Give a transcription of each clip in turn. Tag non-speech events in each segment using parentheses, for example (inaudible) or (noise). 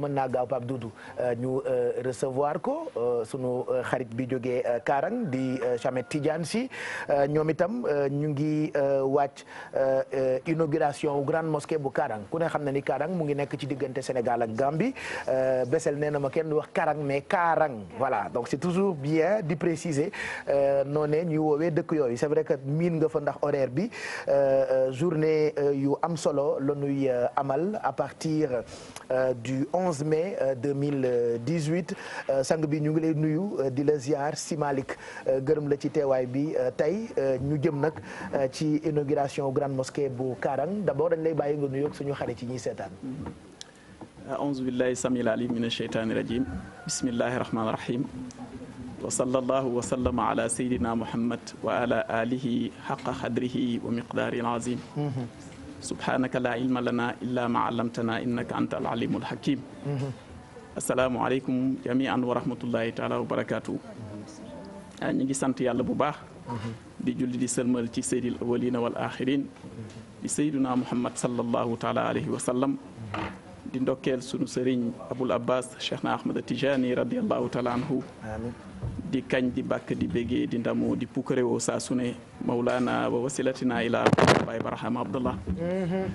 mën naa gaaw Pape Doudou euh, ñu euh, recevoir ko euh, sunu xarit bi jógee Kaarang di Chamet Tidiane si ñoom itam ñu ngi wàcc inauguration wu grande mosquée bu Kaarang ku ne xam na ni Kaarang mu ngi nekk ci diggante Sénégal ak Gambie Bessel nee na ma kenn du wax Kaarang mais Kaarang voilà donc c'est toujours bien di préciser noo ne ñuy woowee dëkk yooyu c'est vrai que miin nga fa ndax horaire bi journée yu am solo la amal à partir du 11 mai 2018 euh, euh, sang bi ñu ngi lay nuyu euh, di la ziar si Malick gërëm la ci teewaay bi tey ñu jëm nag ci inauguration grande mosquée bu Karang d'abord dañ lay bàyyi nga nuyoog suñu xarit ci ñuy seetaan. aouzu billahi samil alim min asheytaani rajim bismillahi rahmaani rahim wa sallallahu wa sallama ala sayyidina muhammad wa subhaanaka laa ilma lana illa ma allamtana innaka anta al alimul hakim mm-hmm. asalaamualeykum jamian wa rahmatullahi taala wa barakaatu mm-hmm. ah ñu ngi sant yàlla bu baax mm-hmm. di julli di sëlmal ci seydil awalina wal di seyduna muhammad sallallahu taala alayhi wa sallam di ndokkeel sunu sëriñ taala anhu di kañ di bàkk di bégee di ndamu di puukarewoo saa su ne mawlaana wa wasilatina ila baay barahama abdullah mm-hmm.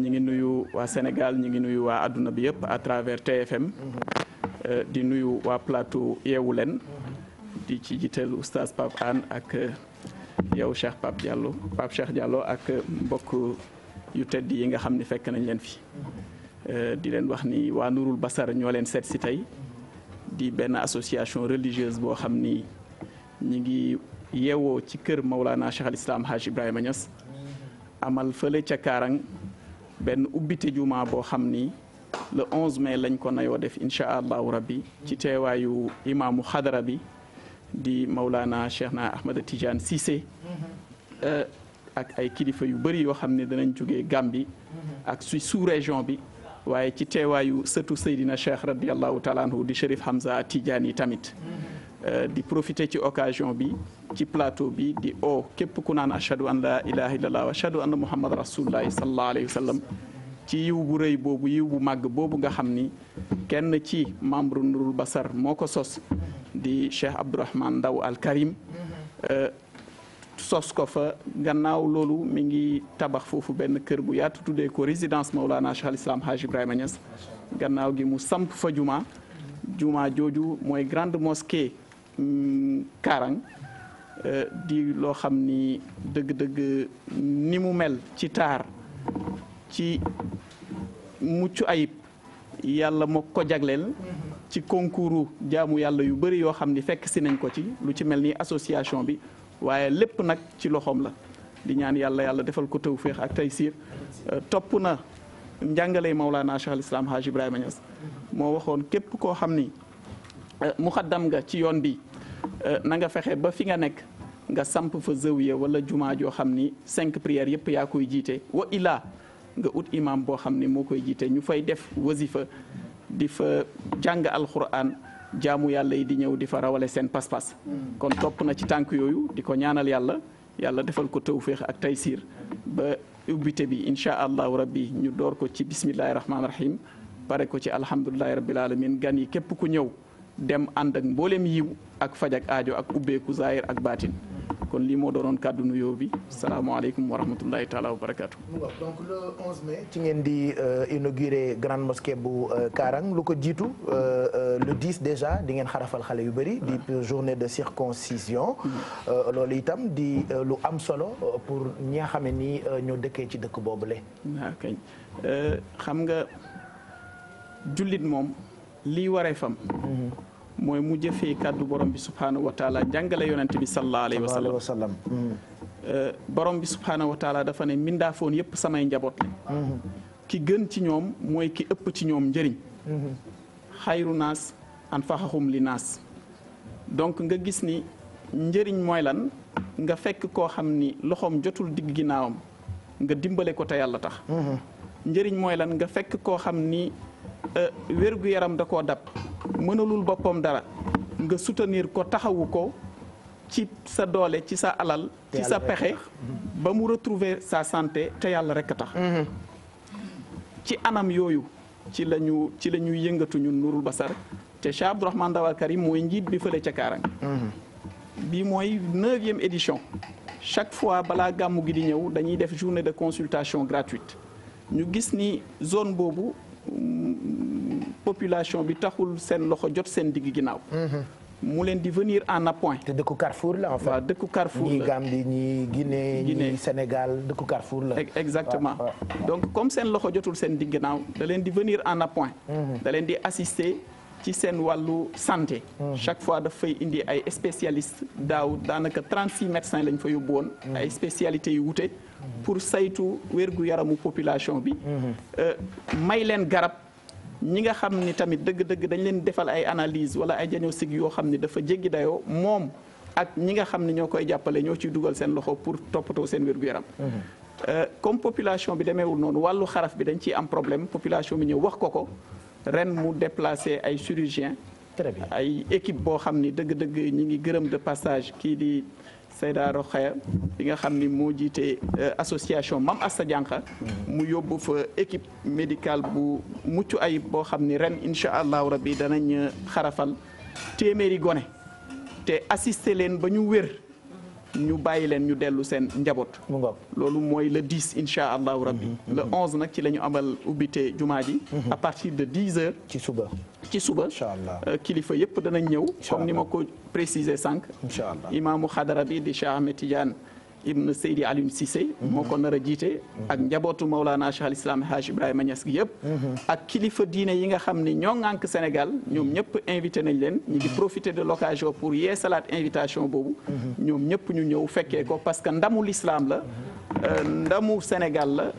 ñi ngi nuyu waa sénégal ñi ngi nuyu waa adduna bi yëpp a travers tfm mm-hmm. di nuyu waa plateau yeewu leen mm-hmm. di ci jiital oustaz Pape Anne ak yow Cheikh Pape Diallo Pape Cheikh Diallo ak mbokk yu tedd yi nga xam ne fekk nañ leen fi eh, di leen wax ni waa nurul basar ñoo leen seet si tey di benn association religieuse boo xam ni ñu ngi yeewoo ci kër Maulana Cheikh al Islam Haj Ibrahima Niass amal fële ca benn ubbite juma boo xam ni le 11 mai lañ ko nayoo def incha allahu rabbi ci teewaayu imaamu xadara bi di Maulana Cheikh na Ahmed Tidiane Cissé euh, ak ay kilifa yu bëri yoo xam ne danañ jógee Gambie ak si sous région bi. waaye ci teewaayu sëtu Seydina Cheikh radiallahu taala anhu di Chérif Hamza Tidiane tamit euh, di profiter ci occasion bi ci plateau bi di o képp ku naan ashadu an la ilaha illallah wa ashadu anna muhammad rasulullahi sallallahu alayhi wa sallam ci yiw bu rëy boobu yiw bu màgg boobu nga xam ni kenn ci membre Nurul Basar moo ko sos di Cheikh Abdourahman Ndaw Al euh, sos ko fa gannaaw loolu mi ngi tabax foofu benn kër bu yaatu tuddee ko résidence Maulana Cheikh al Islam Haj Ibrahima Niass gannaaw gi mu samp fa juma jumaa jooju mooy grande mosquée mm, Karang euh, di loo xam ni dëgg-dëgg ni mu mel ci taar ci mucc ayib yàlla moo ko jagleel ci concours jaamu yàlla yu bëri yoo xam ni fekk si nañ ko ci lu ci mel ni association bi waaye lépp nag ci loxoom la di ñaan yàlla yàlla defal ko tawféex ak taysiir euh, topp na njàngaley Mawlana Cheikh al Islam Haaj Ibrahima Niass moo waxoon képp koo xam ni euh, muxaddam nga ci yoon bi euh, na nga fexe ba fi nga nekk nga samp fa zawiya wala jumaa joo xam ni cinq prières yëpp yaa koy jiite wa ilaa nga ut imam boo xam ni moo koy jiite ñu fay def wasifa di fa jàng alquran jaamu yàlla yi di ñëw di fa rawale seen pas-pas kon topp na ci tànk yooyu di ko ñaanal yàlla yàlla defal ko tawféex ak taysiir ba ubbite bi incha allahu rabbi ñu door ko ci bismillahi rahmaani rahim pare ko ci alhamdulilahi rabbil alamin gan yi képp ku ñëw dem ànd ak mboolem yiw ak faj ak aajo ak ubbeeku zaahir ak baatin kon lii moo doonoon kàddu nuyoo bi salaamaaleykum wa rahmatullahi taala wa barakaatu. donc le 11 mai ci ngeen di euh, inauguré grande mosquée bu euh, Karang lu ko jiitu euh, le 10 déjà di ngeen xarafal xale yu bëri. di journée de circoncision. Mm. loolu itam di lu am solo pour ñi nga xam ne ni ñoo dëkkee ci dëkk boobu waaw xam nga jullit moom lii waree fam mm-hmm. mooy mu jëfee kàddu borom bi subhaanahu wa taala jàngale yonent bi sallallahu alayhi wa sallam hmm. euh, borom bi subhaanahu wa taala dafa ne mindaafoon yëpp samay njaboot la hmm. ki gën ci ñoom mooy ki ëpp ci ñoom njëriñ hmm. xayru naas an faxaxum li naas donc nga gis ni njëriñ mooy lan nga fekk koo xam ni loxoom jotul digg ginnaawam nga dimbale ko te yàlla tax njëriñ mooy lan nga fekk koo xam ni euh, wér gu yaram da koo dab mënalul boppam dara nga soutenir ko taxawu ko ci sa doole ci sa alal ci sa pexe ba mu retrouver sa santé te yàlla rekk tax mm-hmm. ci anam yooyu ci la ñu ci la ñuy yëngatu ñun Nuurul Basar te Cheikh Abdourahmane Dawal Karim mooy njiit bi fële ca Kaarang mm-hmm. bi mooy neuvième édition chaque fois balaa gàmmu gi di ñëw dañuy def journée de consultation gratuite ñu gis ni zone boobu population bi taxul seen loxo jot seen digg ginnaaw. Mm-hmm. mu leen di venir en appoint. te dëkku Carrefour la en fait. waaw dëkku Carrefour la ñii Gambie ñii Guinée. ñii Sénégal dëkku Carrefour la. donc comme seen loxo jotul seen digg ginnaaw da leen di venir en appoint. Mm-hmm. da leen di assister. ci seen wallu santé. Mm-hmm. chaque fois daf fay indi ay spécialistes daaw daanaka 36 médecins lañ fa yóbbu woon. ay spécialités yu wute. pour saytu wérgu yaramu population bi. Euh, may leen garab. ñi nga xam ni tamit dëgg-dëgg dañ leen defal ay analyse wala ay diagnostic yoo xam ni dafa jéggi dayoo moom ak ñi nga xam ni ñoo koy jàppale ñoo ciy dugal seen loxo pour toppatoo seen wér-gu-yaram mm-hmm. euh, comme population bi demeewul noonu wàllu xaraf bi dañ ciy am problème population bi ñëw wax ko ko ren mu déplacé ay chirurgien ay équipe boo xam ni dëgg-dëgg ñi ngi gërëm de passage kii di Seyda Rokhaya bi nga xam ni moo jiite euh, association Mam Asta Dianka mm-hmm. mu yóbbu fa équipe médicale bu mucc ayib boo xam ni ren incha allahu rabbi danañ xarafal téeméeri gone te assister leen ba ñu wér ñu bàyyi leen ñu dellu seen njaboot loolu mooy le 10 incha allahu rabbi mhm. le 11 mhm. nag ci la ñu amal ubbite jumaa ji mhm. à partir de 10 heures ci suba ci suba euh, kilifa yëpp danañ ñëw comme ni ma ko préciser sànq imaamu xadara bi di Cheikh Ahmed Tidiane ibn Seydi Alioune Cissé moo ko nar jiite ak njabootu Mawlana Cheikh al Islam Haj Ibrahima Niass gi yëpp ak kilifa diine yi nga xam ni ñoo ŋànk Sénégal ñoom ñëpp invité nañ leen ñu ngi profiter de l'occasion pour yeesalaat invitation boobu ñoom ñëpp ñu ñëw fekkee ko parce que ndamu l'islam la euh, ndamu Sénégal la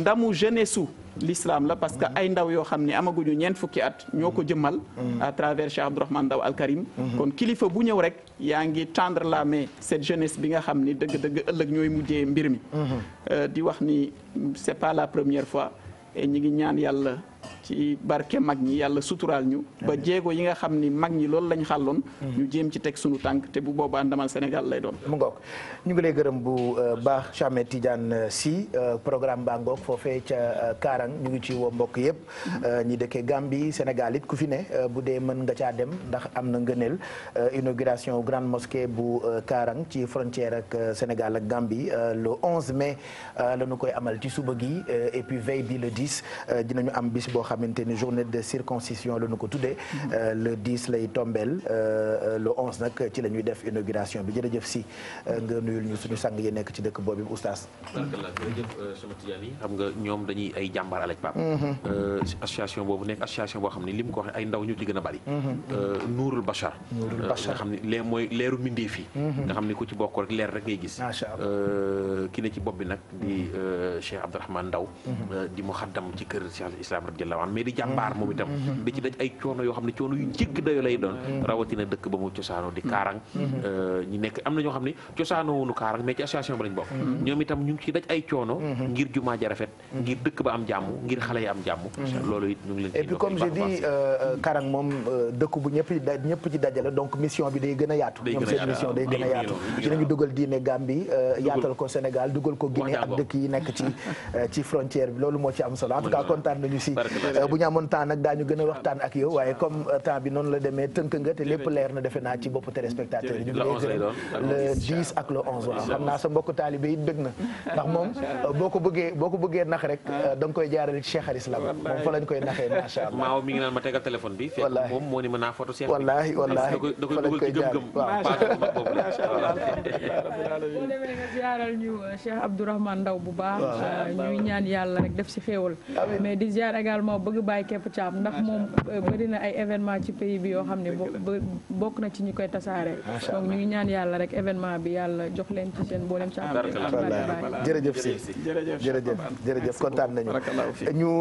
ndamu jeunesse l'islam la parce que ay ndaw yoo xam ne amaguñu ñeent fukki at ñoo ko mm. jëmmal mm. à travers Cheikh Abdourahmane Ndaw Al mm-hmm. kon kilifa bu ñëw rek yaa ngi tendre la mais cette jeunesse bi nga xam ni dëgg-dëgg ëllëg ñooy mujjee mbir mi mm-hmm. euh, di wax ni c'est pas la première fois et ñi ngi ñaan yàlla ci barke mag ñi yàlla suturaal ñu ba jéego yi nga xam ni mag ñi loolu lañ xàlloon hmm. ñu jéem ci teg sunu tànk te bu boobaa ndamal Sénégal lay doon mu ngoog ñu ngi lay gërëm bu euh, baax Chame Tidiane euh, Sy euh, programme baa ngoog foofee ca Kaarang ñu ngi ci wo mbokk yëpp hmm. ñi dëkkee Gambie Sénégal it ku fi ne bu dee mën nga caa dem ndax am na ngëneel inauguration grande mosquée bu Kaarang ci frontière ak Sénégal ak Gambie le 11 mai la ñu koy amal ci suba gi et puis veille xamante ni journée de circoncision la ñu ko tuddee. Mm-hmm. Euh, le 10 lay tombeel euh, euh, le nag ci la def inauguration bi jërëjëf si nga nuyul ñu suñu sang yi nekk ci dëkk boobu oustaz. barkallah jërëjëf sama tijaan yi xam nga ñoom dañuy ay jàmbaar alaj pap mm-hmm. association boobu nekk association boo xam ne li mu ko waxee ay ndaw ñu ci gën a bari. Mm-hmm. Nuurul Bachar. Nuurul Bachar nga xam ne lee mooy leeru mindee fii. nga xam ne ku ci bokk rek leer rek ngay gis. di mu xaddam ci kër Cheikh Islam radiyallahu alxuraan mais di jàmbaar moom itam mm-hmm. Mm-hmm. di ci daj ay coono yoo xam ne coono yu jégg dayo lay doon mm-hmm. rawatina dëkk ba mu cosaanoo di kaarang euh, ñi nekk am na ñoo xam ne cosaanoo woonu kaarang mais ci association ba lañ bokk ñoom itam ñu ngi ci daj ay coono ngir jumaa ja rafet ngir dëkk ba donc mission bi day gën a yaatu ñoom seen mission day a yaatu dinañu dugal diine Gambie euh, yaatal ko Sénégal dugal ko Guinée a dëkk yi nekk euh, ci frontière bi loolu moo ci am solo en tout cas nañu si Euh, bu ñu amoon temps nag daañu gën a waxtaan ak yow waaye comme euh, temps bi noonu la demee tënk nga te lépp leer na defe naa ci bopp téléspectateur yi ñu ngi lay gërëm xam naa sa mbokk taalibe yi bëgg na ndax moom euh, boo ko bëggee boo ko bëggee nax rek ah. da koy jaarale ci Cheikh al Islam moom fa koy naxee macha (laughs) allah maaw mi ngi naan ma tegal téléphone bi fekk moom moo ni ma naa photo Cheikh wallaahi koy dugal ci gëm-gëm waaw boo demee nga ziaral ñu Cheikh Abdourahmane Ndaw bu baax ñuy ñaan yàlla rek def si xéewal mais di ziar bëgg bàyyi képp caam ndax moom euh, bëri na ay événement ci pays bi yoo xam ne bokk na ci ñi koy tasaare donc ñu ngi ñaan yàlla rek événement bi yàlla jox leen ci seen mboolem caam jërëjëf si jërëjëf jërëjëf kontaan nañu ñu